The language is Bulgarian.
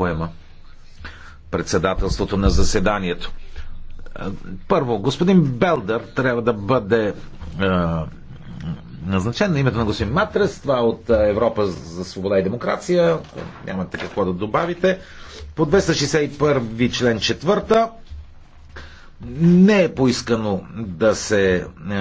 поема председателството на заседанието. Първо, господин Белдър трябва да бъде е, назначен на името на господин Матрес, това е от е, Европа за свобода и демокрация. Нямате какво да добавите. По 261 член 4 не е поискано да се е,